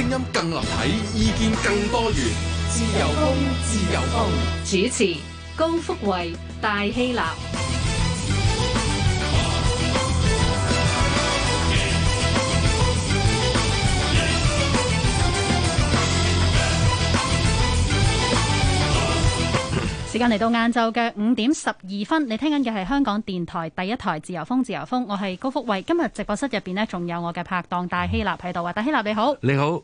聲音更立體，意見更多元。自由風，自由風。主持：高福慧，戴希立。.時間嚟到晏晝嘅五點十二分，你聽緊嘅係香港電台第一台自由風，自由風，我係高福慧。今日直播室入邊呢，仲有我嘅拍檔大希臘喺度啊！大希臘你好，你好。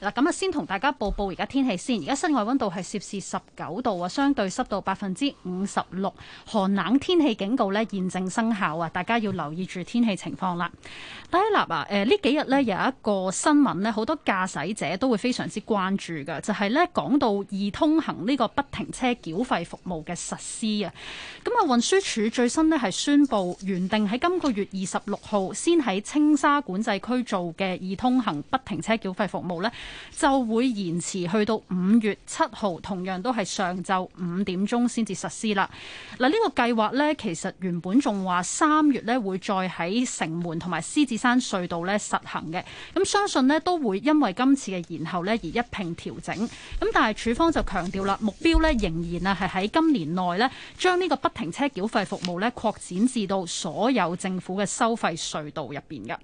嗱，咁啊，先同大家報報而家天氣先。而家室外温度係攝氏十九度啊，相對濕度百分之五十六，寒冷天氣警告呢現正生效啊！大家要留意住天氣情況啦。戴立啊，誒呢幾日呢有一個新聞呢，好多駕駛者都會非常之關注嘅，就係呢講到易通行呢個不停車繳費服務嘅實施啊。咁啊，運輸署最新呢係宣布，原定喺今個月二十六號先喺青沙管制區做嘅易通行不停車繳費服務呢。就會延遲去到五月七號，同樣都係上晝五點鐘先至實施啦。嗱、啊，呢、呢個計劃呢，其實原本仲話三月咧會再喺城門同埋獅子山隧道咧實行嘅。咁、啊、相信咧都會因為今次嘅延後咧而一並調整。咁但係署方就強調啦，目標咧仍然啊係喺今年內咧將呢個不停車繳費服務咧擴展至到所有政府嘅收費隧道入邊嘅。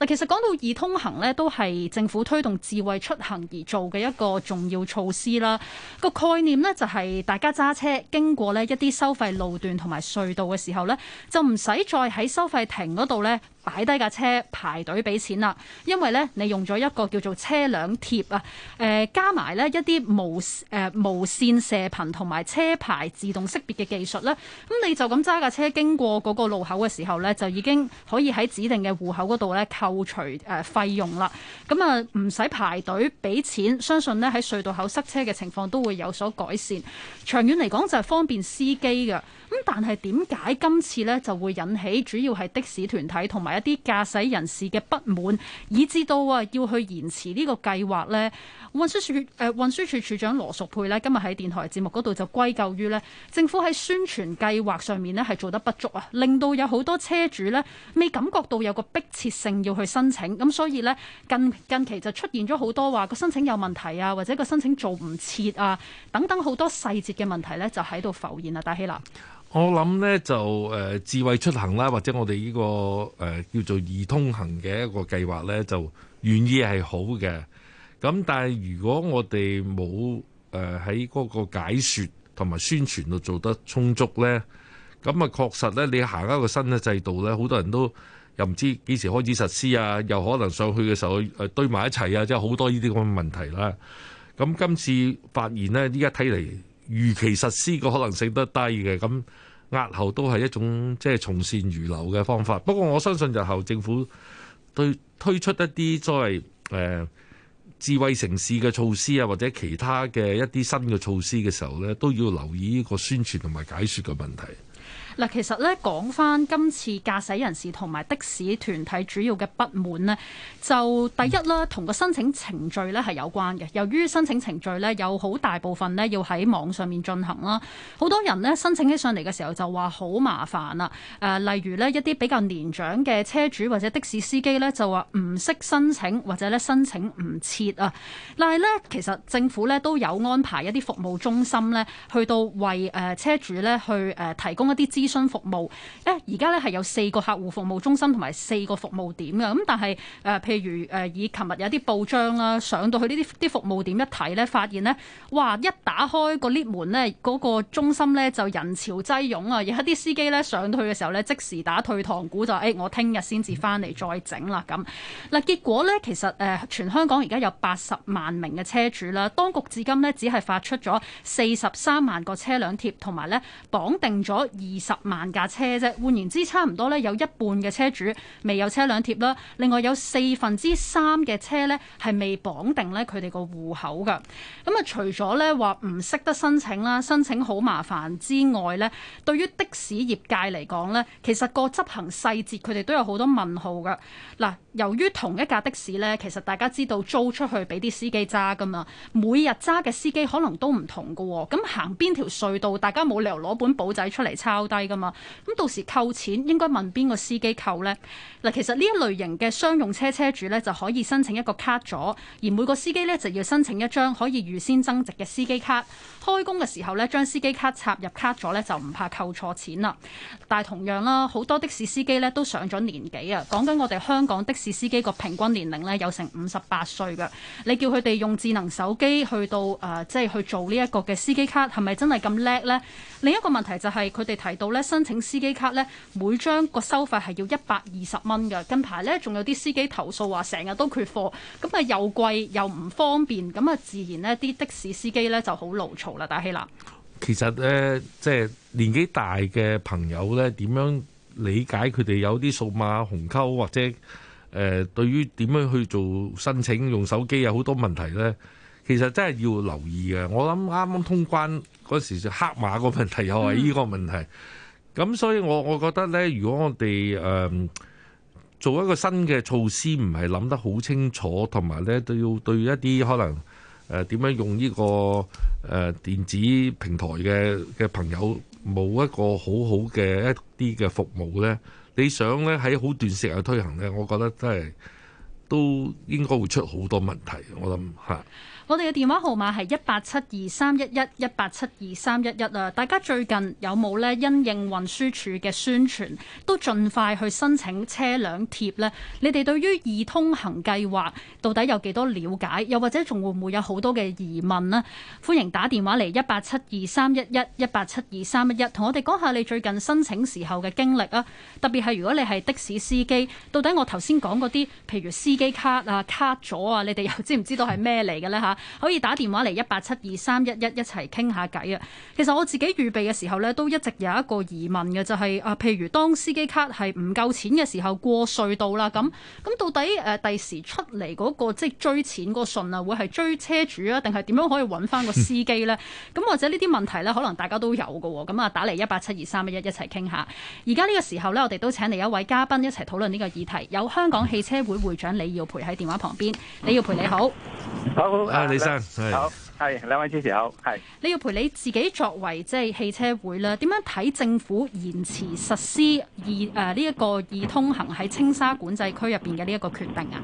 嗱、啊，其實講到易通行呢，都係政府推動智慧出行而做嘅一個重要措施啦，個概念咧就係大家揸車經過咧一啲收費路段同埋隧道嘅時候咧，就唔使再喺收費亭嗰度咧。擺低架車排隊俾錢啦，因為咧你用咗一個叫做車輛貼啊，誒、呃、加埋咧一啲無誒、呃、無綫射頻同埋車牌自動識別嘅技術咧，咁你就咁揸架車經過嗰個路口嘅時候咧，就已經可以喺指定嘅戶口嗰度咧扣除誒費、呃、用啦。咁啊唔使排隊俾錢，相信咧喺隧道口塞車嘅情況都會有所改善。長遠嚟講就係方便司機嘅，咁但係點解今次咧就會引起主要係的士團體同埋？一啲駕駛人士嘅不滿，以致到啊要去延遲呢個計劃呢，運輸署誒，運輸署署長羅淑佩呢，今日喺電台節目嗰度就歸咎於呢政府喺宣傳計劃上面呢係做得不足啊，令到有好多車主呢未感覺到有個迫切性要去申請，咁所以呢，近近期就出現咗好多話個申請有問題啊，或者個申請做唔切啊，等等好多細節嘅問題呢，就喺度浮現啊，戴希南。我諗呢就誒、呃、智慧出行啦，或者我哋呢個、呃、叫做易通行嘅一個計劃呢，就原意係好嘅。咁但係如果我哋冇喺嗰個解説同埋宣傳度做得充足呢，咁啊確實呢，你行一個新嘅制度呢，好多人都又唔知幾時開始實施啊，又可能上去嘅時候、呃、堆埋一齊啊，即係好多呢啲咁嘅問題啦。咁今次發現呢，依家睇嚟，如期實施個可能性都低嘅，咁押後都係一種即係從善如流嘅方法。不過我相信日後政府對推出一啲作為智慧城市嘅措施啊，或者其他嘅一啲新嘅措施嘅時候呢，都要留意呢個宣傳同埋解説嘅問題。嗱，其實咧講翻今次駕駛人士同埋的士團體主要嘅不滿咧，就第一啦，同個申請程序咧係有關嘅。由於申請程序咧有好大部分咧要喺網上面進行啦，好多人咧申請起上嚟嘅時候就話好麻煩啊！誒、呃、例如咧一啲比較年長嘅車主或者的士司機咧就話唔識申請或者咧申請唔切啊！嗱，係咧，其實政府咧都有安排一啲服務中心咧去到為誒車主咧去誒提供一啲資料。新服務，誒而家咧係有四個客戶服務中心同埋四個服務點嘅，咁但係誒、呃、譬如誒、呃、以琴日有啲報章啦，上到去呢啲啲服務點一睇咧，發現呢：「哇！一打開個 lift 門咧，嗰、那個中心咧就人潮擠擁啊，而家啲司機咧上到去嘅時候咧，即時打退堂鼓就誒、哎，我聽日先至翻嚟再整啦」咁。嗱，結果咧，其實誒、呃、全香港而家有八十萬名嘅車主啦，當局至今呢，只係發出咗四十三萬個車輛貼，同埋咧綁定咗二十萬架車啫，換言之，差唔多咧有一半嘅車主未有車輛貼啦。另外有四分之三嘅車咧係未綁定咧佢哋個戶口㗎。咁啊，除咗咧話唔識得申請啦，申請好麻煩之外咧，對於的士業界嚟講咧，其實個執行細節佢哋都有好多問號㗎。嗱，由於同一架的士咧，其實大家知道租出去俾啲司機揸㗎嘛，每日揸嘅司機可能都唔同㗎喎。咁行邊條隧道，大家冇理由攞本簿仔出嚟抄單。噶嘛，咁到時扣錢應該問邊個司機扣咧？嗱，其實呢一類型嘅商用車車主咧，就可以申請一個卡座，而每個司機咧就要申請一張可以預先增值嘅司機卡。開工嘅時候咧，將司機卡插入卡座咧，就唔怕扣錯錢啦。但係同樣啦，好多的士司機咧都上咗年紀啊。講緊我哋香港的士司機個平均年齡咧有成五十八歲噶。你叫佢哋用智能手機去到誒，即係去做呢一個嘅司機卡，係咪真係咁叻咧？另一個問題就係佢哋提到。咧申請司機卡咧，每張個收費係要一百二十蚊嘅。近排咧仲有啲司機投訴話，成日都缺貨，咁啊又貴又唔方便，咁啊自然呢啲的士司機咧就好牢騷啦。大希南，其實咧即係年紀大嘅朋友咧，點樣理解佢哋有啲數碼鴻溝或者誒對於點樣去做申請用手機有好多問題咧？其實真係要留意嘅，我諗啱啱通關嗰時就黑馬個問題又係呢個問題，咁、嗯、所以我我覺得呢，如果我哋誒、嗯、做一個新嘅措施，唔係諗得好清楚，同埋呢都要對一啲可能誒點、呃、樣用呢、呢個誒、呃、電子平台嘅嘅朋友冇一個好好嘅一啲嘅服務呢。你想呢喺好短時間去推行呢，我覺得真係都應該會出好多問題，我諗吓。嗯我哋嘅電話號碼係一八七二三一一一八七二三一一啊！大家最近有冇呢因應運輸署嘅宣傳，都盡快去申請車輛貼呢？你哋對於易通行計劃到底有幾多了解？又或者仲會唔會有好多嘅疑問呢？歡迎打電話嚟一八七二三一一一八七二三一一，同我哋講下你最近申請時候嘅經歷啊！特別係如果你係的士司機，到底我頭先講嗰啲，譬如司機卡啊、卡咗啊，你哋又知唔知道係咩嚟嘅呢？嚇！可以打電話嚟一八七二三一一一齊傾下偈啊！其實我自己預備嘅時候呢，都一直有一個疑問嘅，就係、是、啊，譬如當司機卡係唔夠錢嘅時候過隧道啦，咁咁到底誒第時出嚟嗰、那個即係追錢嗰個信啊，會係追車主啊，定係點樣可以揾翻個司機呢？咁、嗯、或者呢啲問題呢，可能大家都有㗎喎。咁啊，打嚟一八七二三一一一齊傾下。而家呢個時候呢，我哋都請嚟一位嘉賓一齊討論呢個議題。有香港汽車會會長李耀培喺電話旁邊。李耀培，你好，好。好李生，好。係兩位主持人，好，係。你要陪你自己作為即係、就是、汽車會啦，點樣睇政府延遲實施易誒呢一個易通行喺青沙管制區入邊嘅呢一個決定啊？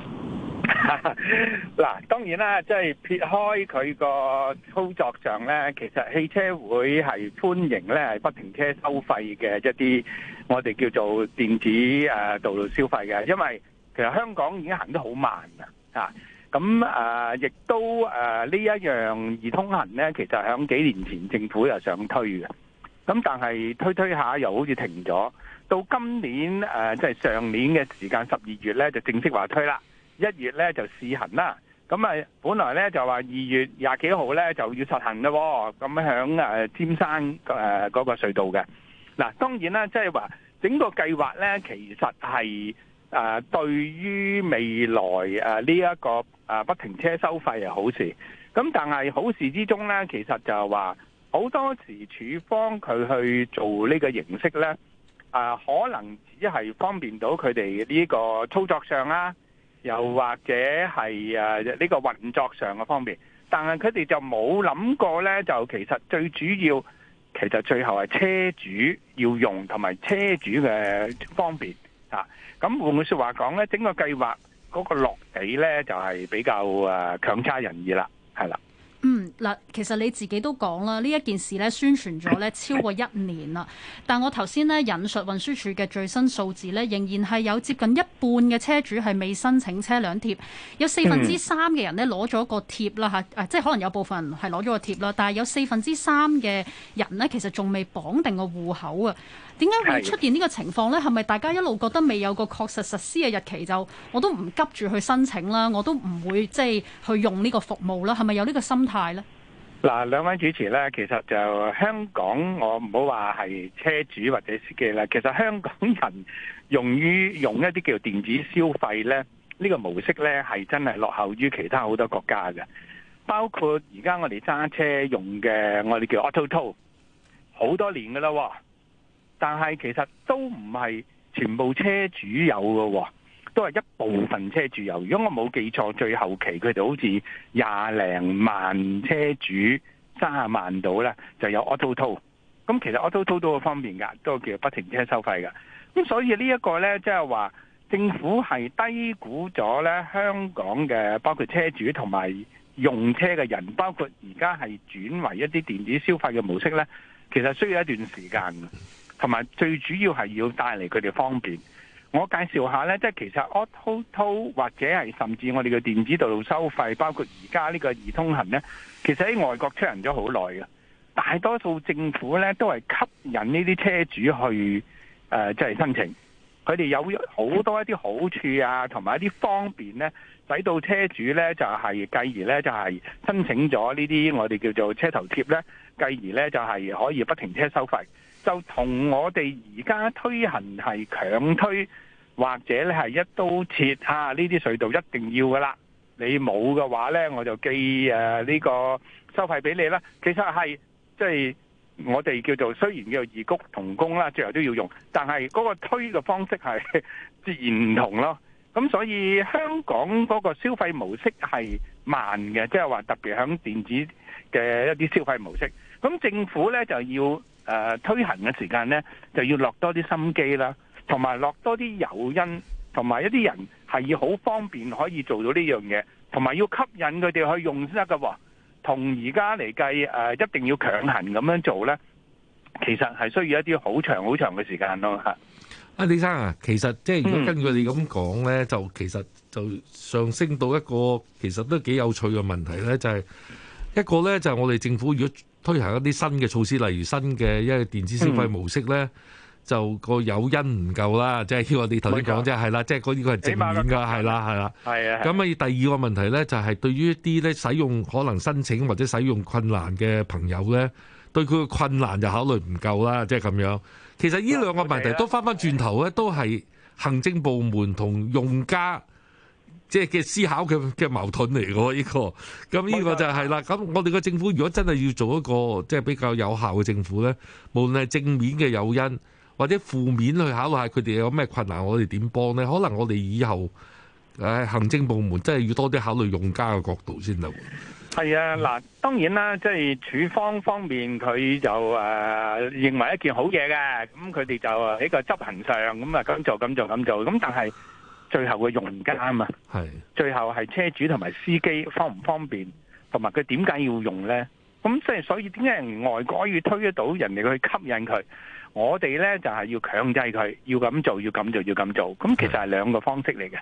嗱， 當然啦，即、就、係、是、撇開佢個操作上咧，其實汽車會係歡迎咧不停車收費嘅一啲我哋叫做電子誒、啊、道路消費嘅，因為其實香港已經行得好慢啊。咁誒，亦、呃、都誒呢、呃、一樣易通行呢，其實喺幾年前政府又想推嘅，咁但係推推下又好似停咗。到今年誒，即、呃、係、就是、上年嘅時間十二月呢就正式話推啦。一月呢就試行啦。咁啊，本來呢就話二月廿幾號呢就要實行咯。咁喺尖山嗰、呃那個隧道嘅。嗱、啊，當然啦，即係話整個計劃呢，其實係。誒、啊、對於未來誒呢一個、啊、不停車收費係好事，咁、啊、但係好事之中呢，其實就係話好多時署方佢去做呢個形式呢，誒、啊、可能只係方便到佢哋呢個操作上啦、啊，又或者係誒呢個運作上嘅方便。但係佢哋就冇諗過呢，就其實最主要其實最後係車主要用同埋車主嘅方便。啊！咁換句說話講咧，整個計劃嗰個落地咧就係比較誒強差人意啦，係啦。嗯，嗱，其實你自己都講啦，呢一件事咧宣傳咗咧超過一年啦。 但我頭先咧引述運輸署嘅最新數字咧，仍然係有接近一半嘅車主係未申請車輛貼，有四分之三嘅人咧攞咗個貼啦吓、啊，即係可能有部分人係攞咗個貼啦，但係有四分之三嘅人咧其實仲未綁定個戶口啊。點解會出現呢個情況呢？係咪大家一路覺得未有個確實實施嘅日期就，就我都唔急住去申請啦，我都唔會即係去用呢個服務啦？係咪有呢個心態呢？嗱，兩位主持呢，其實就香港，我唔好話係車主或者司機啦。其實香港人用於用一啲叫電子消費呢，呢、呢個模式呢，係真係落後於其他好多國家嘅。包括而家我哋揸車用嘅我哋叫 Autotoll，好多年噶啦、哦。但係其實都唔係全部車主有㗎喎，都係一部分車主有。如果我冇記錯，最後期佢哋好似廿零萬車主，三十萬度呢就有 auto toll。咁其實 auto toll 都好方便㗎，都叫不停車收費㗎。咁所以呢一個呢，即係話政府係低估咗呢香港嘅，包括車主同埋用車嘅人，包括而家係轉為一啲電子消費嘅模式呢，其實需要一段時間。同埋最主要係要帶嚟佢哋方便。我介紹下咧，即係其實 auto toll 或者係甚至我哋嘅電子道路收費，包括而家呢個易通行咧，其實喺外國推行咗好耐嘅。大多數政府咧都係吸引呢啲車主去誒即係申請。佢哋有好多一啲好處啊，同埋一啲方便咧，使到車主咧就係、是、繼而咧就係、是、申請咗呢啲我哋叫做車頭貼咧，繼而咧就係、是、可以不停車收費。就同我哋而家推行係強推，或者咧係一刀切啊，呢啲隧道一定要噶啦。你冇嘅話咧，我就寄誒呢個收費俾你啦。其實係即係我哋叫做雖然叫異曲同工啦，最後都要用，但係嗰個推嘅方式係截然唔同咯。咁所以香港嗰個消費模式係慢嘅，即係話特別響電子嘅一啲消費模式，咁政府咧就要。誒、呃、推行嘅時間呢，就要落多啲心機啦，同埋落多啲誘因，同埋一啲人係要好方便可以做到呢樣嘢，同埋要吸引佢哋去用先得㗎，同而家嚟計、呃、一定要強行咁樣做呢，其實係需要一啲好長好長嘅時間咯。啊，李生啊，其實即係如果根據你咁講呢、嗯，就其實就上升到一個其實都幾有趣嘅問題呢，就係、是、一個呢，就係、是、我哋政府如果，推行一啲新嘅措施，例如新嘅一個電子消費模式咧、嗯，就個誘因唔夠啦，即係叫我你頭先講啫，係啦，即係嗰呢個係正面噶，係啦，係啦，係啊。咁啊，是第二個問題咧，就係對於一啲咧使用可能申請或者使用困難嘅朋友咧，對佢嘅困難就考慮唔夠啦，即係咁樣。其實呢兩個問題都翻翻轉頭咧，都係行政部門同用家。即係嘅思考嘅嘅矛盾嚟嘅喎，呢、這個咁呢、這個就係、是、啦。咁、嗯、我哋嘅政府如果真係要做一個即係比較有效嘅政府咧，無論係正面嘅誘因或者負面去考慮下佢哋有咩困難，我哋點幫咧？可能我哋以後誒、哎、行政部門真係要多啲考慮用家嘅角度先得。係啊，嗱，當然啦，即係署方方面佢就誒、呃、認為一件好嘢嘅，咁佢哋就喺個執行上咁啊咁做咁做咁做，咁但係。最後嘅用家啊嘛，係最後係車主同埋司機方唔方便，同埋佢點解要用呢？咁即係所以點解人外國可以推得到，人哋去吸引佢？我哋呢就係、是、要強制佢要咁做，要咁做要咁做。咁其實係兩個方式嚟嘅。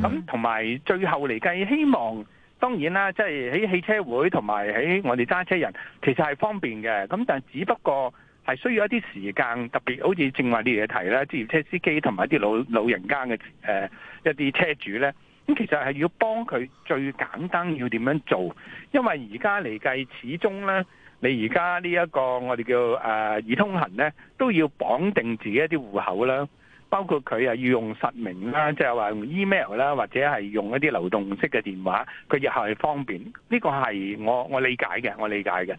咁同埋最後嚟計，希望當然啦，即係喺汽車會同埋喺我哋揸車人，其實係方便嘅。咁但係只不過，係需要一啲時間，特別好似正話你哋提啦，職業車司機同埋一啲老老人家嘅、呃、一啲車主咧，咁其實係要幫佢最簡單要點樣做，因為而家嚟計始終咧，你而家呢一個我哋叫誒易通行咧，都要綁定自己一啲戶口啦，包括佢啊要用實名啦，即係話用 email 啦，或者係用一啲流動式嘅電話，佢日後係方便。呢個係我我理解嘅，我理解嘅。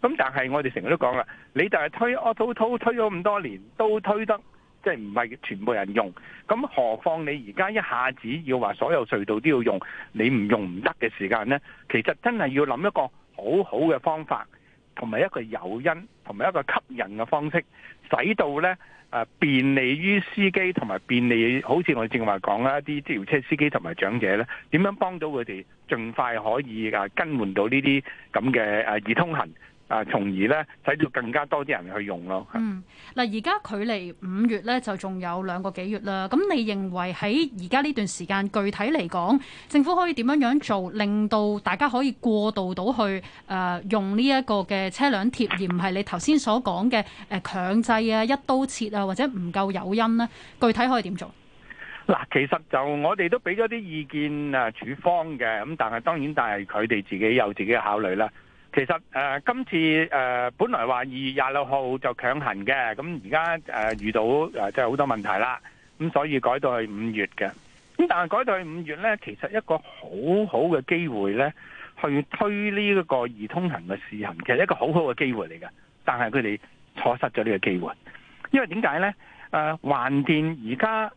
咁但係我哋成日都講啦，你就係推 Autotoll 推咗咁多年，都推得即係唔係全部人用。咁何況你而家一下子要話所有隧道都要用，你唔用唔得嘅時間咧，其實真係要諗一個好好嘅方法，同埋一個誘因，同埋一個吸引嘅方式，使到咧誒便利於司機同埋便利，好似我正話講啦，啲醫療車司機同埋長者咧，點樣幫到佢哋盡快可以誒、啊、更換到呢啲咁嘅誒易通行？啊，從而咧，使到更加多啲人去用咯。嗯，嗱，而家距離五月咧就仲有兩個幾月啦。咁你認為喺而家呢段時間，具體嚟講，政府可以點樣樣做，令到大家可以過渡到去、呃、用呢一個嘅車輛貼，而唔係你頭先所講嘅誒強制啊、一刀切啊，或者唔夠誘因呢？具體可以點做？嗱，其實就我哋都俾咗啲意見啊、署方嘅，咁但係當然，但係佢哋自己有自己嘅考慮啦。其實誒、呃，今次誒、呃、本來話二月廿六號就強行嘅，咁而家誒遇到誒即係好多問題啦，咁所以改到去五月嘅。咁但係改到去五月咧，其實一個好好嘅機會咧，去推呢一個易通行嘅試行，其實一個好好嘅機會嚟嘅。但係佢哋錯失咗呢個機會，因為點解咧？誒、呃，橫掂而家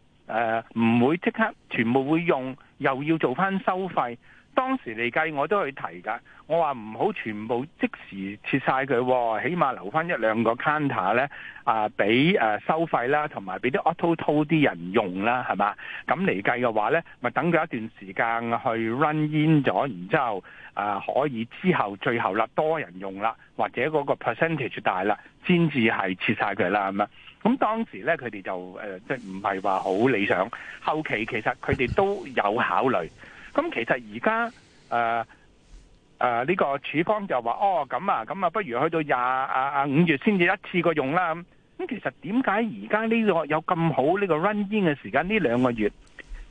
誒唔會即刻全部會用，又要做翻收費。當時嚟計，我都去提噶。我話唔好全部即時切晒佢、哦，起碼留翻一兩個 counter 咧啊，俾、啊、收費啦，同埋俾啲 Autotoll 啲人用啦，係嘛？咁嚟計嘅話咧，咪等佢一段時間去 run in 咗，然之後啊，可以之後最後啦，多人用啦，或者嗰個 percentage 大啦，先至係切晒佢啦咁樣。咁當時咧，佢哋就即係唔係話好理想。後期其實佢哋都有考慮。咁其實而家誒誒呢個處方就話哦咁啊咁啊，不如去到廿啊啊五月先至一次過用啦。咁、嗯、其實點解而家呢個有咁好呢，這個 run in 嘅時間呢兩個月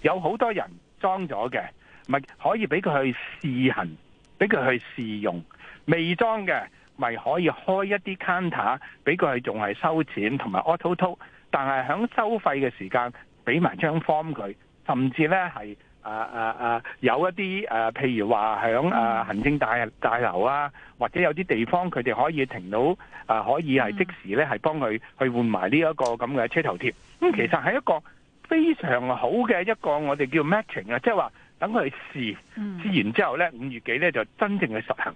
有好多人裝咗嘅，咪可以俾佢去試行，俾佢去試用。未裝嘅咪可以開一啲 counter，俾佢仲係收錢同埋 auto top，但係喺收費嘅時間俾埋張 form 佢，甚至咧係。啊啊啊！有一啲誒，譬如話響誒行政大大樓啊，或者有啲地方佢哋可以停到啊、呃，可以係即時咧，係幫佢去換埋呢一個咁嘅車頭貼。咁、嗯、其實係一個非常好嘅一個我哋叫 matching 啊，即係話等佢試試完之後咧，五月幾咧就真正去實行。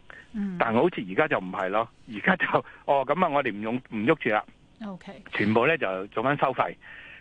但好似而家就唔係咯，而家就哦咁啊，我哋唔用唔喐住啦。O K，全部咧就做緊收費。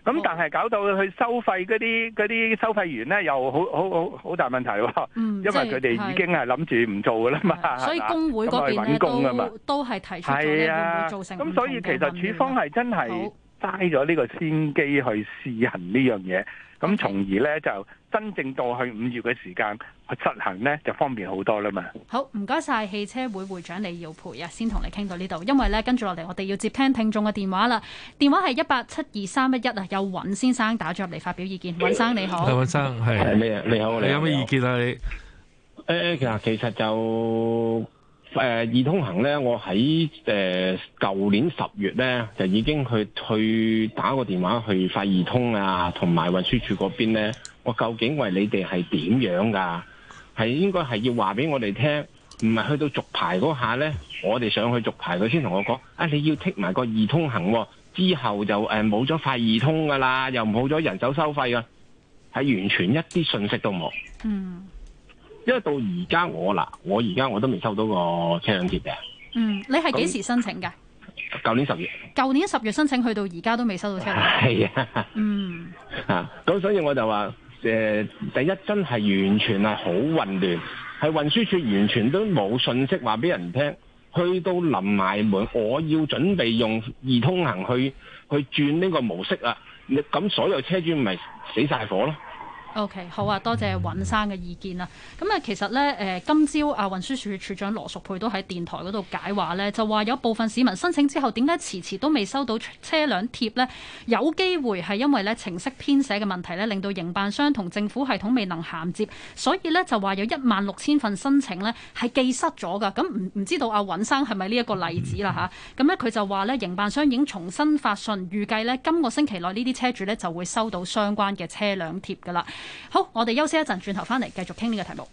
咁、嗯、但係搞到去收費嗰啲嗰啲收費員咧，又好好好好大問題喎、啊嗯，因為佢哋已經係諗住唔做㗎喇嘛、嗯，所以工會嗰邊咧都都係提出咗會唔會造成咁樣嘅問題，咁所以其實處方係真係拉咗呢個先機去試行呢樣嘢，咁從而咧就真正到去五月嘅時間去實行呢，就方便好多啦嘛。好，唔該晒汽車會會長李耀培啊，先同你傾到呢度，因為咧跟住落嚟我哋要接聽聽眾嘅電話啦。電話係一八七二三一一啊，有尹先生打咗入嚟發表意見，尹生你好。尹生係咩？你、你、你好，你有咩意見啊？你誒，其其實就。誒、呃、易通行咧，我喺誒舊年十月咧，就已經去去打個電話去快易通啊，同埋運輸署嗰邊咧，我究竟為你哋係點樣噶？係應該係要話俾我哋聽，唔係去到續牌嗰下咧，我哋上去續牌佢先同我講，啊你要剔埋個易通行，啊，之後就冇咗、呃、快易通噶啦，又冇咗人手收費噶，係完全一啲信息都冇。嗯。因為到而家我嗱，我而家我都未收到個車輛貼嘅。嗯，你係幾時申請嘅？舊年十月。舊年十月申請，去到而家都未收到車輛貼。係啊。嗯。啊，咁所以我就話，誒，第一真係完全係好混亂，係運輸署完全都冇信息話俾人聽。去到臨埋門，我要準備用易通行去去轉呢個模式啦。咁所有車主咪死晒火咯。OK，好啊，多謝尹生嘅意見啦。咁啊，其實咧，誒，今朝啊，運輸署署長羅淑佩都喺電台嗰度解話咧，就話有部分市民申請之後，點解遲遲都未收到車輛貼咧？有機會係因為咧程式編寫嘅問題咧，令到營辦商同政府系統未能銜接，所以咧就話有一萬六千份申請咧係寄失咗㗎。咁唔唔知道阿尹生係咪呢一個例子啦？吓、嗯，咁咧佢就話咧營辦商已經重新發信，預計咧今個星期內呢啲車主咧就會收到相關嘅車輛貼㗎啦。好，我哋休息一陣，轉頭翻嚟繼續傾呢個題目。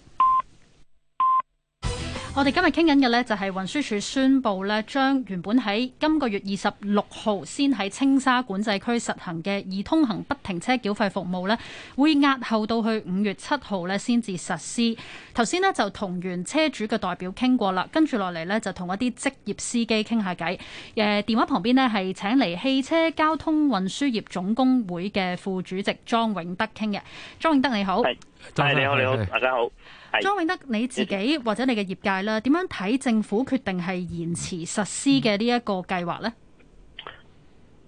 我哋今日傾緊嘅，呢就係運輸署宣布呢，將原本喺今個月二十六號先喺青沙管制區實行嘅易通行不停車繳費服務呢，會押後到去五月七號呢先至實施。頭先呢，就同完車主嘅代表傾過啦，跟住落嚟呢，就同一啲職業司機傾下偈。誒，電話旁邊呢，係請嚟汽車交通運輸業總工會嘅副主席莊永德傾嘅。莊永德你好。係，你好，你好，大家、啊、好。莊永德，你自己或者你嘅業界啦，點樣睇政府決定係延遲實施嘅呢一個計劃呢？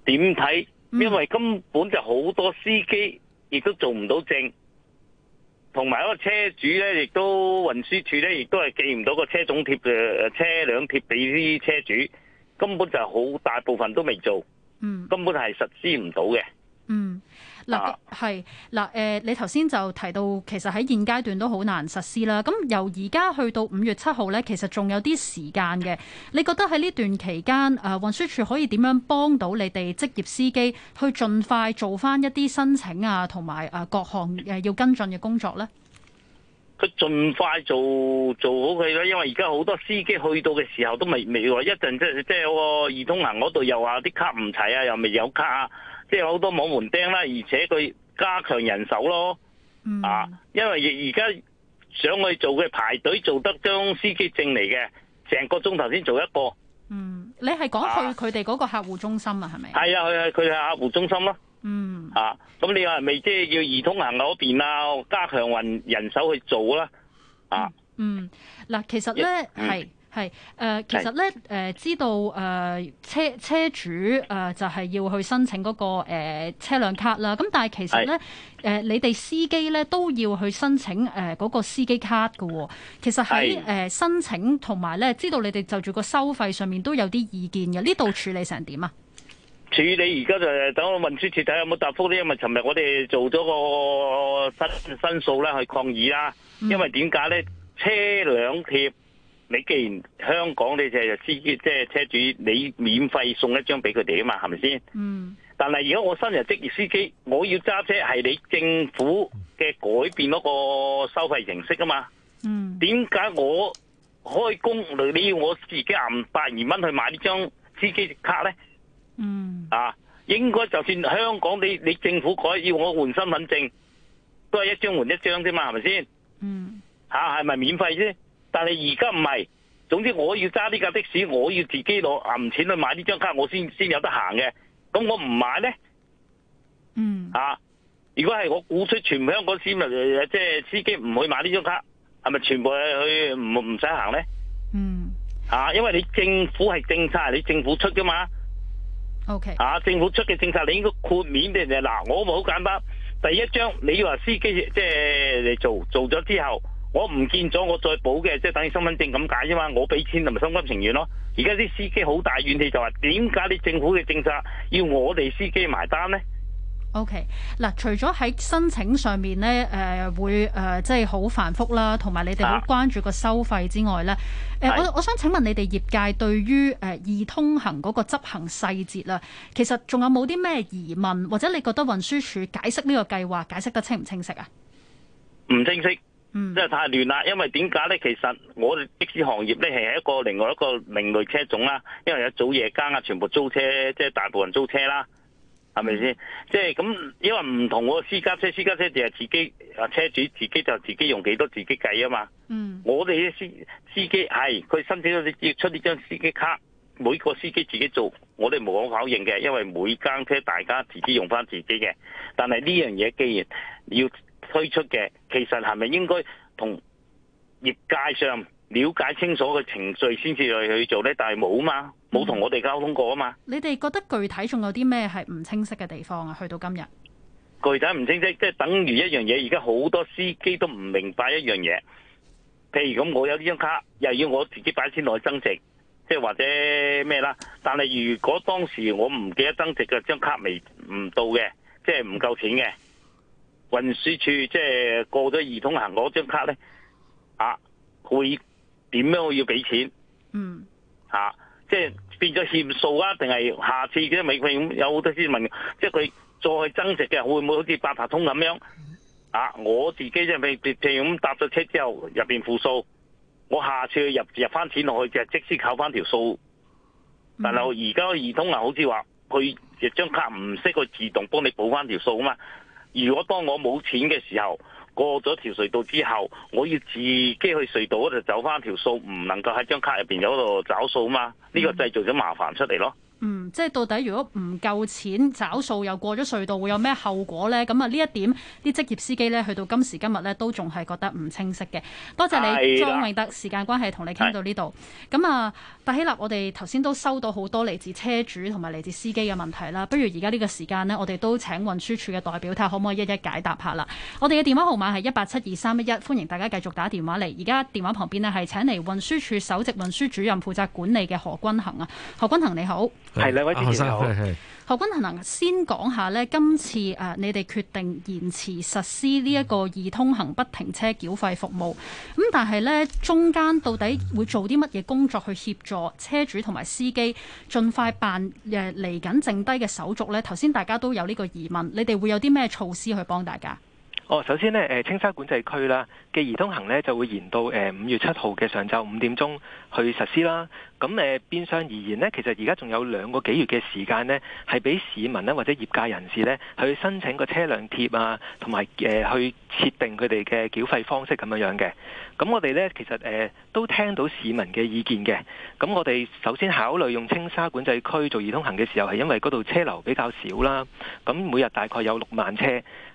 點睇？因為根本就好多司機亦都做唔到證，同埋嗰個車主呢，亦都運輸署呢，亦都係寄唔到個車總貼嘅車輛貼俾啲車主，根本就好大部分都未做，嗯，根本係實施唔到嘅，嗯。嗱、啊，係、啊、嗱，誒、啊，你頭先就提到，其實喺現階段都好難實施啦。咁由而家去到五月七號咧，其實仲有啲時間嘅。你覺得喺呢段期間，誒、啊、運輸署可以點樣幫到你哋職業司機去盡快做翻一啲申請啊，同埋啊各項誒要跟進嘅工作咧？佢盡快做做好佢啦，因為而家好多司機去到嘅時候都未未話一陣即即嗰個易通行度又話啲卡唔齊啊，又未有卡啊。即係好多冇門釘啦，而且佢加強人手咯、嗯，啊，因為而家想去做嘅排隊做得將司機證嚟嘅，成個鐘頭先做一個。嗯，你係講去佢哋嗰個客戶中心是是啊，係咪？係啊，係啊，佢係客戶中心咯。嗯。啊，咁你話咪即係要移通行嗰邊啊，加強運人手去做啦。啊。嗯，嗱、嗯，其實咧係。係，誒、呃，其實咧，誒，知道誒、呃、車車主誒、呃、就係、是、要去申請嗰、那個誒、呃、車輛卡啦。咁但係其實咧，誒、呃，你哋司機咧都要去申請誒嗰、呃那個司機卡噶、哦。其實喺誒、呃、申請同埋咧，知道你哋就住個收費上面都有啲意見嘅。呢度處理成點啊？處理而家就等我問運輸署睇有冇答復呢？因為尋日我哋做咗個申申訴啦，去抗議啦。因為點解咧？車輛貼。你既然香港是，你就係司機，即係車主，你免費送一張俾佢哋啊嘛，係咪先？嗯。但係如果我身為職業司機，我要揸車係你政府嘅改變嗰個收費形式啊嘛。嗯。點解我開工，你要我自己攬百二蚊去買這張司機卡呢張司機卡咧？嗯。啊，應該就算香港你你政府改要我換身份證，都係一張換一張啫嘛，係咪先？嗯。吓、啊，係咪免費先？但係而家唔係，總之我要揸呢架的士，我要自己攞銀錢去買呢張卡，我先先有得行嘅。咁我唔買呢？嗯、啊、如果係我估出全香港市民，即係司機唔會買呢張卡，係咪全部去唔唔使行呢？嗯、啊、因為你政府係政策，你政府出噶嘛？Okay，啊，政府出嘅政策你應該豁免啲人。嗱、啊，我咪好簡單，第一張你要話司機即係嚟做做咗之後。我唔見咗，我再補嘅，即係等於身份證咁解啫嘛。我俾錢同埋心甘情願咯。而家啲司機好大怨氣，就話點解啲政府嘅政策要我哋司機埋單呢？OK，嗱，okay，除咗喺申請上面咧，誒、呃、會誒、呃、即係好繁複啦，同埋你哋好關注個收費之外咧，誒、啊呃、我我想請問你哋業界對於誒、呃、易通行嗰個執行細節啦，其實仲有冇啲咩疑問，或者你覺得運輸署解釋呢個計劃解釋得清唔清晰啊？唔清晰。不清晰。真、嗯、係太亂啦，因為點解呢？其實我哋的士行業呢係一個另外一個另類車種啦，因為有早夜間啊，全部租車即係、就是、大部分租車啦，係咪先？即係咁，因為唔同我私家車，私家車就係自己啊車主自己就自己用幾多自己計啊嘛。嗯，我哋啲司司機係佢申請咗要出呢張司機卡，每個司機自己做，我哋無可否認嘅，因為每間車大家自己用翻自己嘅。但係呢樣嘢既然要，推出嘅，其實係咪應該同業界上了解清楚嘅程序先至去去做呢？但係冇嘛，冇、嗯、同我哋溝通過啊嘛。你哋覺得具體仲有啲咩係唔清晰嘅地方啊？去到今日，具體唔清晰，即係等於一樣嘢。而家好多司機都唔明白一樣嘢，譬如咁，我有呢張卡，又要我自己擺錢落去增值，即係或者咩啦。但係如果當時我唔記得增值嘅張卡未唔到嘅，即係唔夠錢嘅。運輸處即係、就是、過咗易通行嗰張卡咧，啊會點樣要俾錢？嗯，啊即係變咗欠數啊？定係下次嘅？美費有好多先問。即係佢再增值嘅會唔會好似八達通咁樣？啊，我自己即係尾，譬如咁搭咗車之後入邊負數，我下次入入下去入入翻錢落去就即時扣翻條數，但係而家易通行好似話佢張卡唔識去自動幫你補翻條數啊嘛。如果當我冇錢嘅時候，過咗條隧道之後，我要自己去隧道嗰度走翻條數，唔能夠喺張卡入邊嗰度找數嘛？呢、這個製造咗麻煩出嚟咯。嗯，即係到底如果唔夠錢找數又過咗隧道，會有咩後果呢？咁啊呢一點，啲職業司機呢，去到今時今日呢，都仲係覺得唔清晰嘅。多謝你，莊永德。時間關係，同你傾到呢度。咁啊，大希立，我哋頭先都收到好多嚟自車主同埋嚟自司機嘅問題啦。不如而家呢個時間呢，我哋都請運輸署嘅代表睇下可唔可以一一解答一下啦。我哋嘅電話號碼係一八七二三一一，歡迎大家繼續打電話嚟。而家電話旁邊呢，係請嚟運輸署首席運輸主任負責管理嘅何均衡啊，何均衡你好。係，兩位主持人好。何均衡，能先講下咧，今次誒，你哋決定延遲實施呢一個易通行不停車繳費服務，咁但係呢，中間到底會做啲乜嘢工作去協助車主同埋司機盡快辦誒嚟緊剩低嘅手續呢？頭先大家都有呢個疑問，你哋會有啲咩措施去幫大家？哦，首先呢，誒青沙管制區啦嘅易通行呢就會延到誒五月七號嘅上晝五點鐘去實施啦。咁誒變相而言呢，其實而家仲有兩個幾月嘅時間呢，係俾市民呢或者業界人士呢去申請個車輛貼啊，同埋、呃、去設定佢哋嘅繳費方式咁樣嘅。咁我哋呢，其實誒、呃、都聽到市民嘅意見嘅。咁我哋首先考慮用青沙管制區做易通行嘅時候，係因為嗰度車流比較少啦。咁每日大概有六萬車。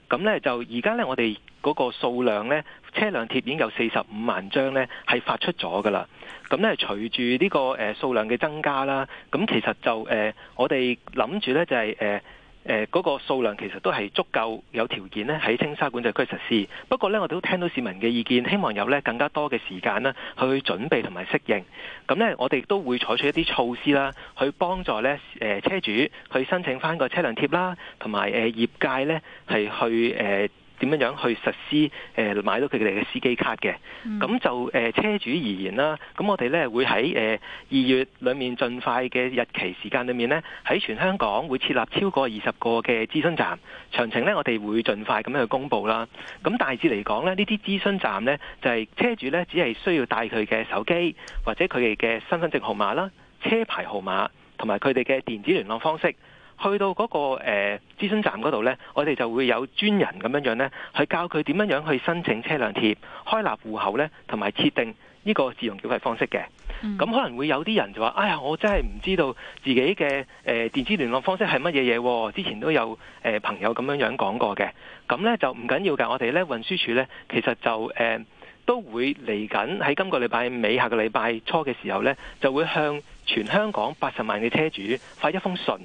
咁咧就而家咧，我哋嗰個數量咧，車輛貼已經有四十五萬張咧，係發出咗噶啦。咁咧，隨住呢、這個誒、呃、數量嘅增加啦，咁其實就誒、呃，我哋諗住咧就係、是、誒。呃誒、呃、嗰、那個數量其實都係足夠，有條件呢喺青沙管制區實施。不過呢，我哋都聽到市民嘅意見，希望有呢更加多嘅時間啦，去準備同埋適應。咁呢，我哋都會採取一啲措施啦，去幫助呢誒、呃、車主去申請返個車輛貼啦，同埋誒業界呢係去誒。呃點樣樣去實施？誒、呃，買到佢哋嘅司機卡嘅，咁就誒、呃、車主而言啦。咁我哋咧會喺誒二月裏面盡快嘅日期時間裏面呢，喺全香港會設立超過二十個嘅諮詢站。詳情呢，我哋會盡快咁樣去公布啦。咁大致嚟講呢，呢啲諮詢站呢，就係、是、車主呢，只係需要帶佢嘅手機或者佢哋嘅身份證號碼啦、車牌號碼同埋佢哋嘅電子聯絡方式。去到嗰個誒諮詢站嗰度咧，我哋就會有專人咁樣樣咧，去教佢點樣樣去申請車輛貼開立戶口咧，同埋設定呢個自動繳費方式嘅。咁、嗯、可能會有啲人就話，哎呀，我真係唔知道自己嘅誒電子聯絡方式係乜嘢嘢。之前都有誒朋友咁樣樣講過嘅。咁咧就唔緊要嘅。我哋咧運輸署咧，其實就誒、呃、都會嚟緊喺今個禮拜尾、下個禮拜初嘅時候咧，就會向全香港八十萬嘅車主發一封信。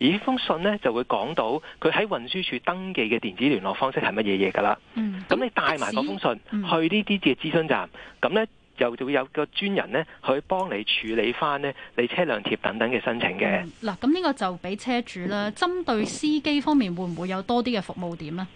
而封信呢，就會講到佢喺運輸署登記嘅電子聯絡方式係乜嘢嘢㗎喇。咁、嗯嗯、你帶埋嗰封信、嗯、去呢啲嘅諮詢站，咁、嗯、呢，就就會有個專人呢去幫你處理翻咧你車輛貼等等嘅申請嘅。嗱、嗯，咁呢個就俾車主啦、嗯。針對司機方面，會唔會有多啲嘅服務點咧？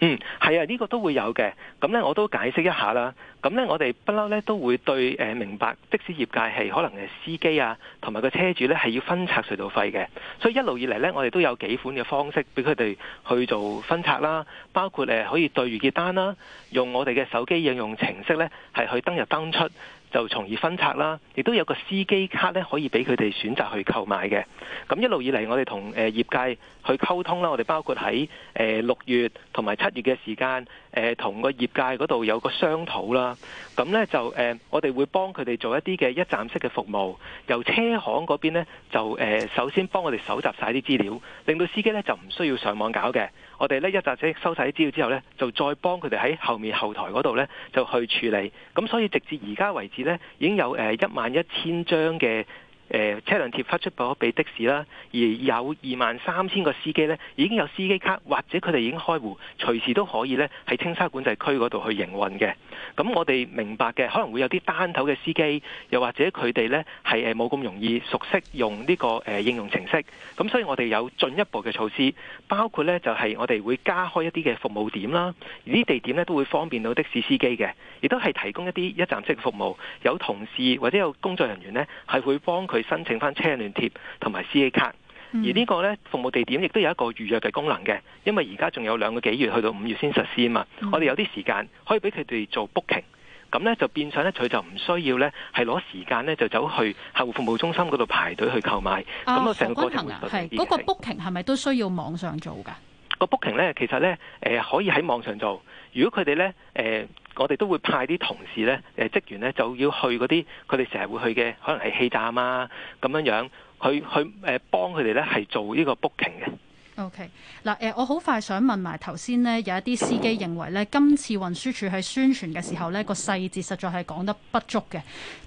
嗯，係啊，呢、呢個都會有嘅。咁呢，我都解釋一下啦。咁呢，我哋不嬲呢，都會對誒明白，即使業界係可能係司機啊，同埋個車主呢係要分拆隧道費嘅，所以一路以嚟呢，我哋都有幾款嘅方式俾佢哋去做分拆啦，包括誒可以對預結單啦，用我哋嘅手機應用程式呢係去登入登出，就從而分拆啦，亦都有個司機卡呢可以俾佢哋選擇去購買嘅。咁一路以嚟，我哋同誒業界去溝通啦，我哋包括喺誒六月同埋七月嘅時間誒同個業界嗰度有個商討啦。咁呢就誒、呃，我哋會幫佢哋做一啲嘅一站式嘅服務，由車行嗰邊呢就誒、呃，首先幫我哋搜集晒啲資料，令到司機呢就唔需要上網搞嘅。我哋呢一站式收晒啲資料之後呢，就再幫佢哋喺後面後台嗰度呢就去處理。咁所以直至而家為止呢，已經有誒一萬一千張嘅。呃誒車輛貼發出牌俾的士啦，而有二萬三千個司機呢已經有司機卡或者佢哋已經開戶，隨時都可以呢喺青沙管制區嗰度去營運嘅。咁我哋明白嘅可能會有啲單頭嘅司機，又或者佢哋呢係誒冇咁容易熟悉用呢個誒應用程式。咁所以我哋有進一步嘅措施，包括呢就係我哋會加開一啲嘅服務點啦，而啲地點呢都會方便到的士司機嘅，亦都係提供一啲一站式服務，有同事或者有工作人員呢係會幫去申請翻車輛貼同埋 CA 卡，而呢個呢服務地點亦都有一個預約嘅功能嘅，因為而家仲有兩個幾月去到五月先實施啊嘛，嗯、我哋有啲時間可以俾佢哋做 booking，咁呢就變相呢，佢就唔需要呢係攞時間呢就走去客戶服務中心嗰度排隊去購買，咁啊成個過程係嗰、哦嗰個 booking 係咪都需要網上做噶？個 booking 呢，其實呢，誒、呃、可以喺網上做，如果佢哋呢。誒、呃。我哋都會派啲同事呢，誒職員呢就要去嗰啲佢哋成日會去嘅，可能係氣站啊咁樣樣，去去誒幫佢哋呢，係做呢個 booking 嘅。O.K. 嗱，誒，我好快想問埋頭先呢，有一啲司機認為呢，今次運輸署喺宣傳嘅時候呢個細節實在係講得不足嘅。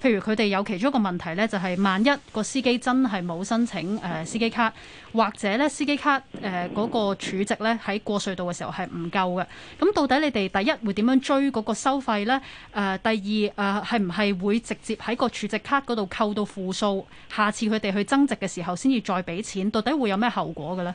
譬如佢哋有其中一個問題呢就係，是，萬一個司機真係冇申請誒、呃、司機卡，或者呢司機卡誒嗰個儲值呢，喺過隧道嘅時候係唔夠嘅。咁到底你哋第一會點樣追嗰個收費呢？誒、呃，第二誒係唔係會直接喺個儲值卡嗰度扣到負數，下次佢哋去增值嘅時候先至再俾錢？到底會有咩後果嘅呢？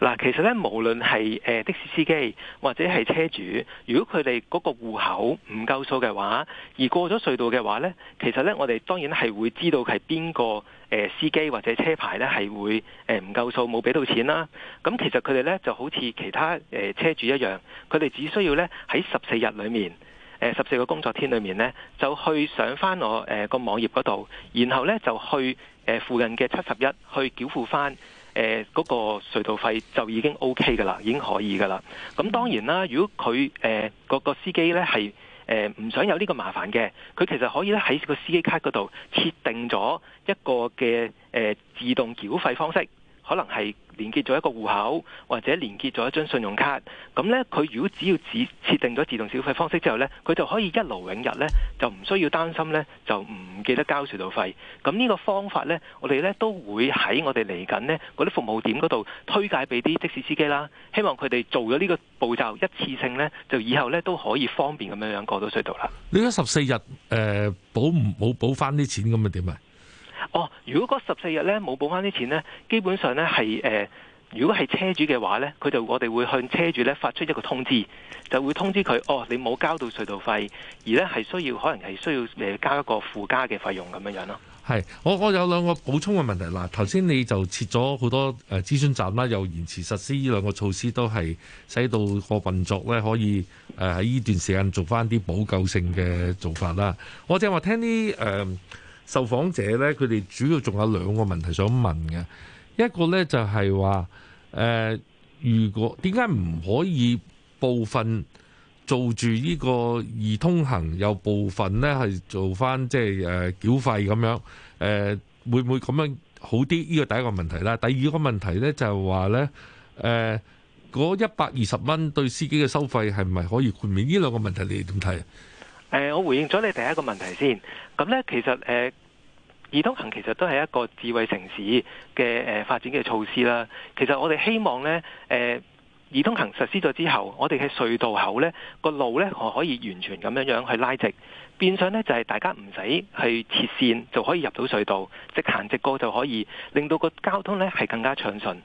嗱，其實咧，無論係誒的士司機或者係車主，如果佢哋嗰個戶口唔夠數嘅話，而過咗隧道嘅話咧，其實咧，我哋當然係會知道係邊個誒司機或者車牌咧係會誒唔夠數冇俾到錢啦。咁其實佢哋咧就好似其他誒車主一樣，佢哋只需要咧喺十四日裏面，誒十四個工作天裏面咧，就去上翻我誒個網頁嗰度，然後咧就去誒附近嘅七十一去繳付翻。誒、呃、嗰、那個隧道費就已經 O K 㗎啦，已經可以㗎啦。咁當然啦，如果佢誒、呃嗰個司機咧係誒唔想有呢個麻煩嘅，佢其實可以咧喺個司機卡嗰度設定咗一個嘅誒、呃、自動繳費方式，可能係。連結咗一個戶口或者連結咗一張信用卡，咁、呃、呢，佢如果只要自設定咗自動繳費方式之後呢，佢就可以一勞永逸呢，就唔需要擔心呢，就唔記得交隧道費。咁呢個方法呢，我哋呢都會喺我哋嚟緊呢嗰啲服務點嗰度推介俾啲的士司機啦，希望佢哋做咗呢個步驟，一次性呢，就以後呢都可以方便咁樣樣過到隧道啦。呢一十四日誒補唔冇補返啲錢咁啊點啊？哦，如果嗰十四日咧冇補翻啲錢咧，基本上咧係誒，如果係車主嘅話咧，佢就我哋會向車主咧發出一個通知，就會通知佢哦，你冇交到隧道費，而咧係需要可能係需要誒交一個附加嘅費用咁樣樣咯。係，我我有兩個補充嘅問題嗱，頭先你就設咗好多誒諮、呃、詢站啦，又延遲實施呢兩個措施都係，都係使到個運作咧可以誒喺呢段時間做翻啲補救性嘅做法啦。我正話聽啲誒。呃受訪者呢，佢哋主要仲有兩個問題想問嘅，一個呢，就係話誒，如果點解唔可以部分做住呢個易通行，又部分呢係做翻即係誒繳費咁樣？誒、呃、會唔會咁樣好啲？呢個第一個問題啦。第二個問題呢，就係、係、話呢誒，嗰一百二十蚊對司機嘅收費係咪可以豁免？呢兩個問題你哋點睇？誒、呃，我回應咗你第一個問題先。咁呢，其實誒、呃，易通行其實都係一個智慧城市嘅誒、呃、發展嘅措施啦。其實我哋希望呢，誒、呃，易通行實施咗之後，我哋喺隧道口呢個路呢，可以完全咁樣樣去拉直，變相呢，就係、是、大家唔使去切線就可以入到隧道，直行直過就可以，令到個交通呢係更加暢順。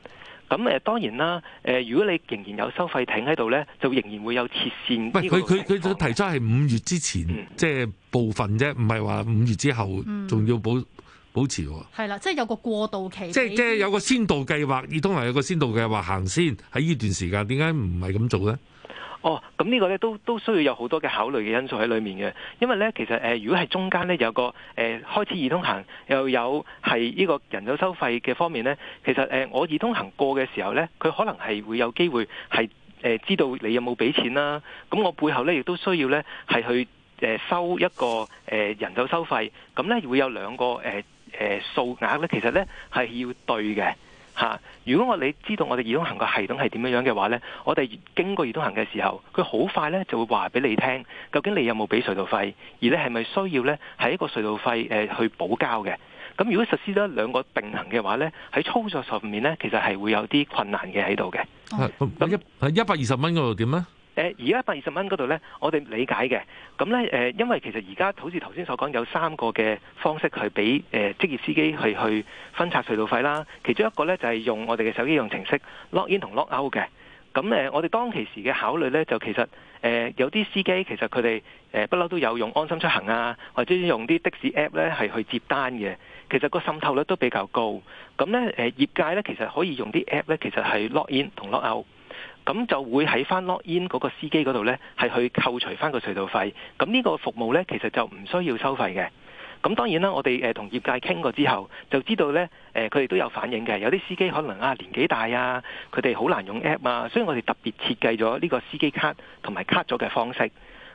咁誒當然啦，如果你仍然有收費亭喺度咧，就仍然會有切線。唔佢佢佢提出係五月之前，即、嗯、係、就是、部分啫，唔係話五月之後仲要保、嗯、保持喎。係、嗯、啦，即、就、係、是、有個過渡期。即係即有個先導計劃，易通行有個先導計劃先行先喺呢段時間，點解唔係咁做咧？哦，咁呢個咧都都需要有好多嘅考慮嘅因素喺裏面嘅，因為咧其實、呃、如果係中間咧有個誒、呃、開始易通行，又有係呢個人手收費嘅方面咧，其實、呃、我易通行過嘅時候咧，佢可能係會有機會係、呃、知道你有冇俾錢啦，咁我背後咧亦都需要咧係去收一個、呃、人手收費，咁咧會有兩個、呃呃、數額咧，其實咧係要對嘅。吓！如果我你知道我哋易通行個系統係點樣樣嘅話呢，我哋經過易通行嘅時候，佢好快呢就會話俾你聽，究竟你有冇俾隧道費，而你係咪需要呢喺一個隧道費誒去補交嘅。咁如果實施咗兩個並行嘅話呢，喺操作上面、oh. 呢，其實係會有啲困難嘅喺度嘅。一百二十蚊嗰度點呢？誒而家一百二十蚊嗰度呢，我哋理解嘅。咁呢，因為其實而家好似頭先所講，有三個嘅方式去俾、呃、職業司機去去分拆隧道費啦。其中一個呢，就係、是、用我哋嘅手機用程式 lock in 同 lock out 嘅。咁我哋當其時嘅考慮呢，就其實、呃、有啲司機其實佢哋不嬲都有用安心出行啊，或者用啲的士 app 呢係去接單嘅。其實個滲透率都比較高。咁呢、呃，業界呢，其實可以用啲 app 呢，其實係 lock in 同 lock out。咁就會喺翻 log in 嗰個司機嗰度呢，係去扣除翻個隧道費。咁呢個服務呢，其實就唔需要收費嘅。咁當然啦，我哋呃同業界傾過之後，就知道呢，呃、佢哋都有反應嘅。有啲司機可能啊年紀大啊，佢哋好難用 app 啊，所以我哋特別設計咗呢個司機卡同埋卡咗嘅方式。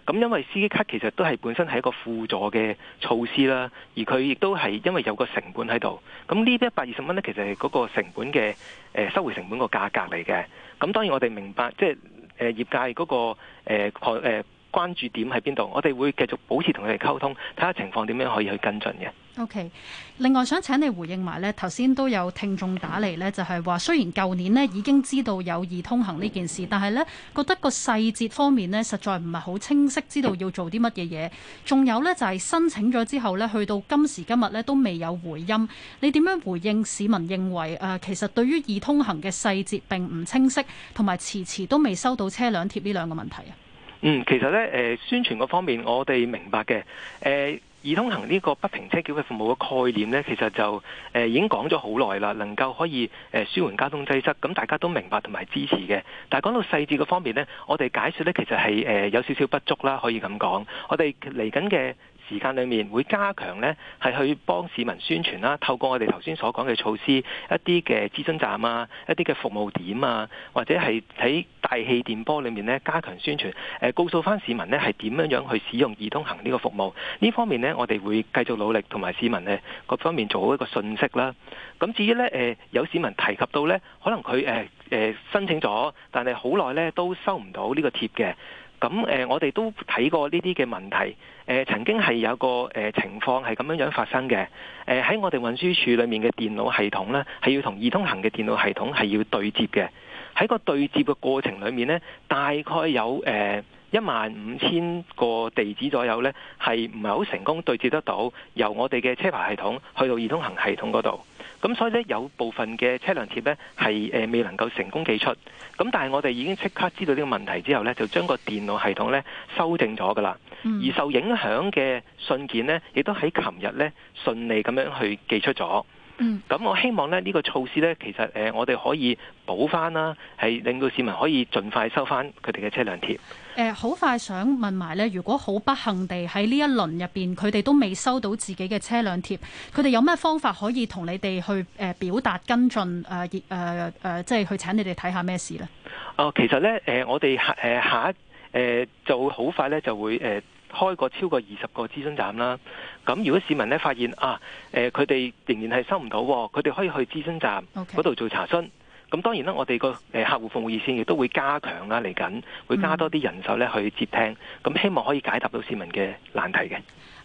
咁因為司機卡其實都係本身係一個輔助嘅措施啦，而佢亦都係因為有個成本喺度，咁呢筆一百二十蚊咧，其實係嗰個成本嘅、呃、收回成本個價格嚟嘅。咁當然我哋明白，即係誒業界嗰個誒、呃呃關注點喺邊度？我哋會繼續保持同佢哋溝通，睇下情況點樣可以去跟進嘅。OK，另外想請你回應埋呢，頭先都有聽眾打嚟，呢就係話，雖然舊年呢已經知道有易通行呢件事，但係呢覺得個細節方面呢，實在唔係好清晰，知道要做啲乜嘢嘢。仲有呢，就係申請咗之後呢，去到今時今日呢，都未有回音。你點樣回應市民認為誒，其實對於易通行嘅細節並唔清晰，同埋遲遲都未收到車輛貼呢兩個問題啊？嗯，其實咧，誒、呃、宣傳嗰方面，我哋明白嘅。誒、呃、易通行呢個不停車繳費服務嘅概念呢，其實就誒、呃、已經講咗好耐啦，能夠可以誒、呃、舒緩交通擠塞，咁大家都明白同埋支持嘅。但係講到細節嗰方面呢，我哋解說呢，其實係誒、呃、有少少不足啦，可以咁講。我哋嚟緊嘅。時間裏面會加強呢，係去幫市民宣傳啦、啊。透過我哋頭先所講嘅措施，一啲嘅諮詢站啊，一啲嘅服務點啊，或者係喺大氣電波裏面呢，加強宣傳，呃、告訴翻市民呢係點樣樣去使用易通行呢個服務。呢方面呢，我哋會繼續努力，同埋市民呢各方面做好一個信息啦。咁至於呢、呃，有市民提及到呢，可能佢、呃、申請咗，但係好耐呢都收唔到呢個貼嘅。咁、呃、我哋都睇過呢啲嘅問題。誒，曾經係有個誒情況係咁樣樣發生嘅。誒，喺我哋運輸署裏面嘅電腦系統呢係要同易通行嘅電腦系統係要對接嘅。喺個對接嘅過程裏面呢，大概有誒一萬五千個地址左右呢係唔係好成功對接得到，由我哋嘅車牌系統去到易通行系統嗰度。咁所以呢，有部分嘅車輛貼咧係誒未能夠成功寄出。咁但係我哋已經即刻知道呢個問題之後呢，就將個電腦系統咧修正咗噶啦。嗯、而受影響嘅信件呢，亦都喺琴日呢順利咁樣去寄出咗。嗯，咁我希望呢，呢、呢個措施呢，其實誒、呃、我哋可以補翻啦，係令到市民可以盡快收翻佢哋嘅車輛貼。誒、呃，好快想問埋呢，如果好不幸地喺呢一輪入邊，佢哋都未收到自己嘅車輛貼，佢哋有咩方法可以同你哋去誒表達跟進誒誒誒，即、呃、係、呃呃即係、去請你哋睇下咩事呢？哦、呃，其實呢，誒、呃，我哋下誒下一誒、呃、就好快呢就會誒。呃開過超過二十個諮詢站啦，咁如果市民呢發現啊，誒、呃，佢哋仍然係收唔到，佢哋可以去諮詢站嗰度做查詢。咁，okay。當然啦，我哋個客戶服務熱線亦都會加強啊，嚟緊會加多啲人手呢去接聽，咁希望可以解答到市民嘅難題嘅。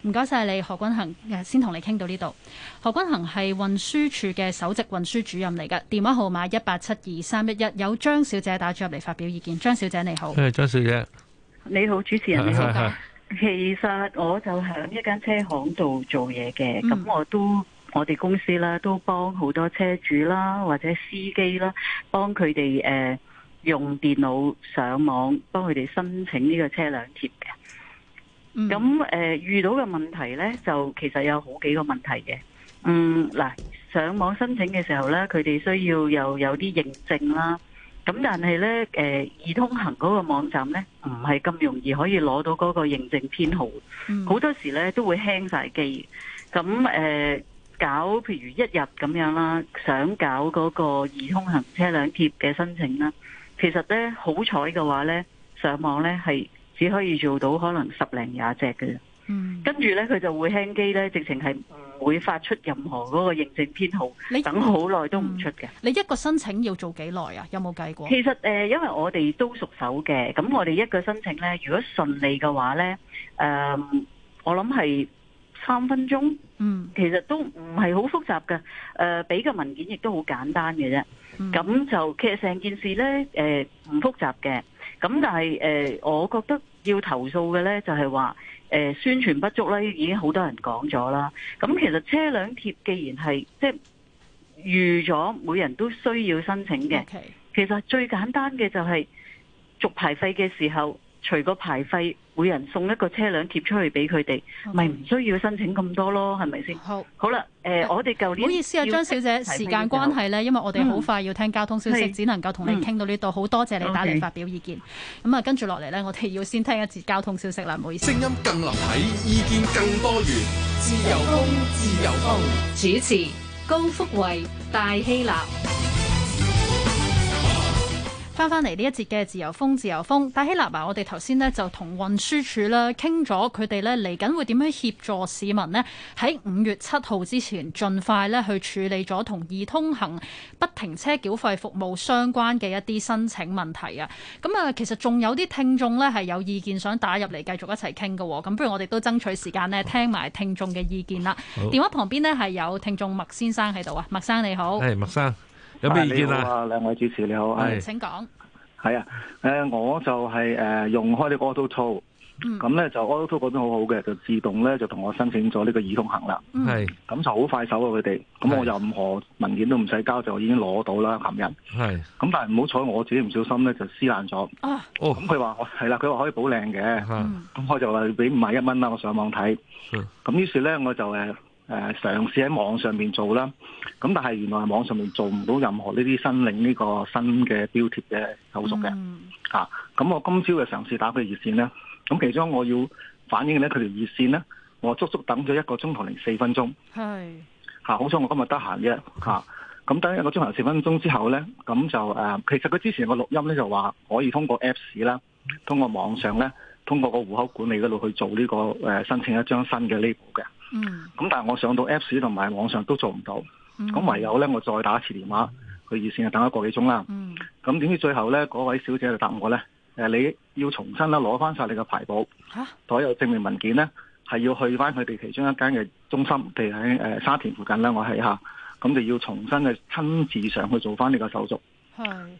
唔該晒你，何均衡，先同你傾到呢度。何均衡係運輸署嘅首席運輸主任嚟噶電話號碼一八七二三一一，有張小姐打咗入嚟發表意見，張小姐你好。誒，張小姐，你好，主持人是是是你好。是是是其實我就喺一間車行度做嘢嘅，咁我都我哋公司啦，都幫好多車主啦或者司機啦，幫佢哋誒用電腦上網，幫佢哋申請呢個車輛貼嘅。咁誒遇到嘅問題呢，就其實有好幾個問題嘅。嗯，嗱，上網申請嘅時候呢，佢哋需要又有啲認證啦。咁但係呢，誒、呃、易通行嗰個網站呢，唔係咁容易可以攞到嗰個認證編號。好多時呢，都會輕晒機。咁誒、呃、搞譬如一日咁樣啦，想搞嗰個易通行車輛貼嘅申請啦，其實呢，好彩嘅話呢，上網呢，係只可以做到可能十零廿隻嘅。嗯，跟住呢，佢就會輕機呢，直情係唔會發出任何嗰個認證編號，你等好耐都唔出嘅、嗯。你一個申請要做幾耐啊？有冇計過？其實誒、呃，因為我哋都熟手嘅，咁我哋一個申請呢，如果順利嘅話呢，誒、呃，我諗係三分鐘、嗯。其實都唔係好複雜嘅誒，俾、呃、個文件亦都好簡單嘅啫。咁、嗯、就其實成件事呢，誒、呃，唔複雜嘅。咁但係誒、呃，我覺得要投訴嘅呢，就係、是、話。宣傳不足呢，已經好多人講咗啦。咁其實車輛貼，既然係即係預咗每人都需要申請嘅，其實最簡單嘅就係、是、續牌費嘅時候。除個牌費，每人送一個車輛貼出去俾佢哋，咪、okay. 唔需要申請咁多咯，係咪先？好，好啦，誒、呃，我哋舊年唔好意思啊，張小姐，時間關係咧、嗯，因為我哋好快要聽交通消息，只能夠同你傾到呢度，好、嗯、多謝你打嚟發表意見。咁、okay. 啊、嗯，跟住落嚟咧，我哋要先聽一次交通消息啦，唔好意思。聲音更立體，意見更多元，自由風，自由風，主持高福慧，戴希娜。翻翻嚟呢一節嘅自由風，自由風。戴希立埋，我哋頭先呢就同運輸署啦傾咗，佢哋呢嚟緊會點樣協助市民呢喺五月七號之前盡快呢去處理咗同易通行不停車繳費服務相關嘅一啲申請問題啊。咁啊，其實仲有啲聽眾呢係有意見想打入嚟，繼續一齊傾嘅。咁不如我哋都爭取時間呢聽埋聽眾嘅意見啦。電話旁邊呢係有聽眾麥先生喺度啊，麥先生你好。Hey, 麥生。有咩意見啊？兩、啊、位主持你好，係請講。係啊，誒，我就係、是、誒、啊、用開呢個 auto tool，咁咧就 auto tool 嗰邊好好嘅，就自動咧就同我申請咗呢個易通行啦。係、嗯、咁就好快手啊，佢哋。咁我任何文件都唔使交，就已經攞到啦，琴日。係。咁但係唔好彩，我自己唔小心咧就撕爛咗。哦。咁佢話係係啦，佢話、啊、可以保靚嘅。嗯。咁我就話俾五十一蚊啦，我上網睇。嗯。咁於是咧，我就誒。啊誒嘗試喺網上面做啦，咁但係原來網上面做唔到任何呢啲申領呢個新嘅標貼嘅手續嘅，咁、嗯啊、我今朝嘅嘗試打佢熱線呢，咁其中我要反映咧佢條熱線咧，我足足等咗一個鐘頭零四分鐘，啊、好彩我今日得閒啫，咁、啊、等一個鐘頭四分鐘之後咧，咁就、啊、其實佢之前個錄音咧就話，可以通過 Apps 啦，通過網上咧，通過個戶口管理嗰度去做呢個、誒申請一張新嘅 label 嘅。嗯，咁但係我上到 Apps 同埋網上都做唔到，咁、嗯、唯有咧我再打一次電話，佢熱線係等咗個幾鐘啦。咁、嗯、點知最後咧嗰位小姐就答我咧，誒、呃、你要重新啦，攞翻晒你嘅牌簿，所、啊、有證明文件咧係要去翻佢哋其中一間嘅中心，譬如喺誒、呃、沙田附近呢我係吓，咁就要重新嘅親自上去做翻你個手續。嗯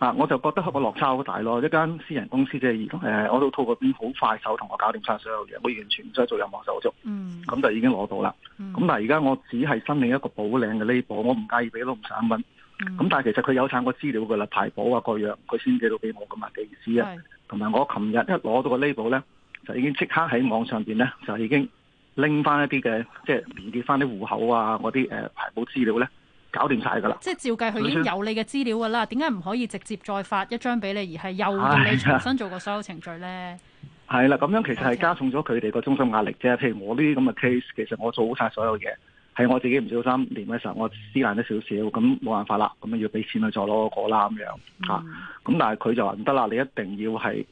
啊！我就覺得個落差好大咯，一間私人公司即係，誒、呃，我老闆嗰邊好快手同我搞掂晒所有嘢，我完全唔使做任何手續，咁、嗯、就已經攞到啦。咁、嗯、但係而家我只係申領一個補領嘅呢保，我唔介意俾多五十蚊。咁、嗯、但係其實佢有產過資料噶啦，排保啊，個樣佢先至到俾我咁啊嘅意思啊。同埋我琴日一攞到個呢保咧，就已經即刻喺網上邊咧，就已經拎翻一啲嘅，即係連結翻啲戶口啊，嗰啲誒排保資料咧。搞掂晒噶啦！即係照計，佢已經有你嘅資料噶啦，點解唔可以直接再發一張俾你，而係又要你重新做過所有程序咧？係、哎、啦，咁樣其實係加重咗佢哋個中心壓力啫。譬如我呢啲咁嘅 case，其實我做好晒所有嘢，係我自己唔小心連嘅時候，我撕爛咗少少，咁冇辦法啦，咁要俾錢去再攞個過啦咁樣吓。咁、嗯啊、但係佢就話唔得啦，你一定要係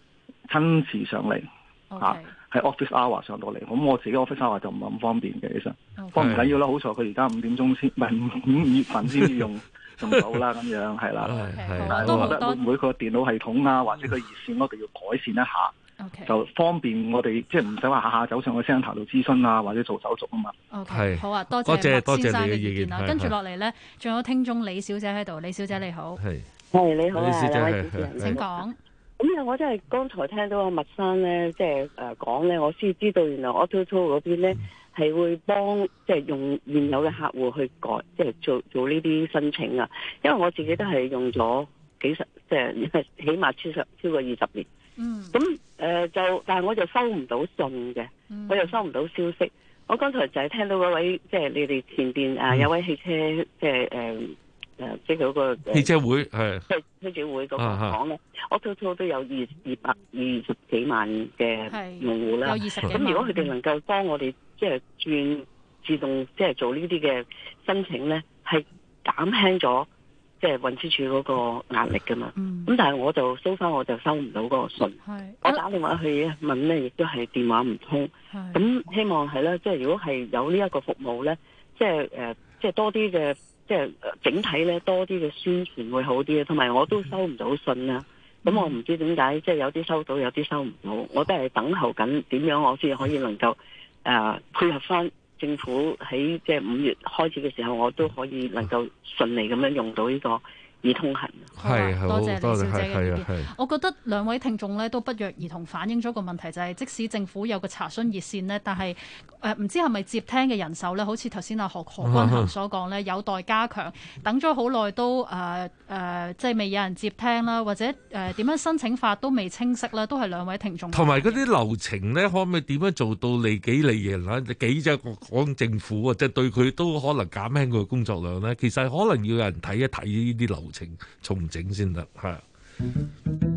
親自上嚟吓。Okay. 喺 office hour 上到嚟，咁我自己 office hour 就唔係咁方便嘅，其實，方唔緊要啦、okay. okay，好彩佢而家五點鐘先，唔係五月份先至用用到啦，咁樣係啦。係，我都覺得每個電腦系統啊，或者個熱線，我哋要改善一下，okay。就方便我哋即係唔使話下下走上個聲頭度諮詢啊，或者做手續啊嘛。OK，好啊，多謝多謝，的多謝你嘅意見啦、啊。跟住落嚟咧，仲有聽眾李小姐喺度，李小姐你好，係你好啊，李小姐，請講。咁啊！我真係剛才聽到阿麥生咧，即係誒講咧，我先知道原來 AutoToll 嗰邊咧係會幫即係、就是、用現有嘅客戶去改，即、就、係、是、做做呢啲申請啊！因為我自己都係用咗幾十，即、就、係、是、起碼超十超過二十年。嗯。咁誒、呃、就，但係我就收唔到信嘅，我又收唔到消息、嗯。我剛才就係聽到嗰位，即、就、係、是、你哋前邊、嗯、有位汽車，即係誒。呃誒、呃，那個、即係嗰個汽車會係，即係推展會嗰個講咧，我初初都有二二百二十幾萬嘅用戶啦。咁，的如果佢哋能夠幫我哋即係轉自動，即、就、係、是、做呢啲嘅申請咧，係減輕咗即係運輸署嗰個壓力噶嘛。咁、嗯、但係我，我就收翻，我就收唔到嗰個信。我打電話去問咧，亦都係電話唔通。咁希望係啦，即係如果係有呢一個服務咧，即係誒、呃，即係多啲嘅。即係整體咧多啲嘅宣傳會好啲，同埋我都收唔到信啦。咁我唔知點解，即係有啲收到，有啲收唔到。我都係等候緊點樣，我先可以能夠呃，配合翻政府喺即係五月開始嘅時候，我都可以能夠順利咁樣用到呢個。而通行係係多謝李小姐，多謝。我覺得兩位聽眾咧都不約而同反映咗個問題，就係、是、即使政府有個查詢熱線咧，但係誒唔知係咪接聽嘅人手咧，好似頭先阿何何均衡所講咧，有待加強。等咗好耐都誒誒、呃呃，即係未有人接聽啦，或者誒點、呃、樣申請法都未清晰啦，都係兩位聽眾同埋嗰啲流程呢，可唔可以點樣做到利己利人啊？幾即講政府啊，即 係對佢都可能減輕佢工作量呢？其實可能要有人睇一睇呢啲流程。重整先得，係。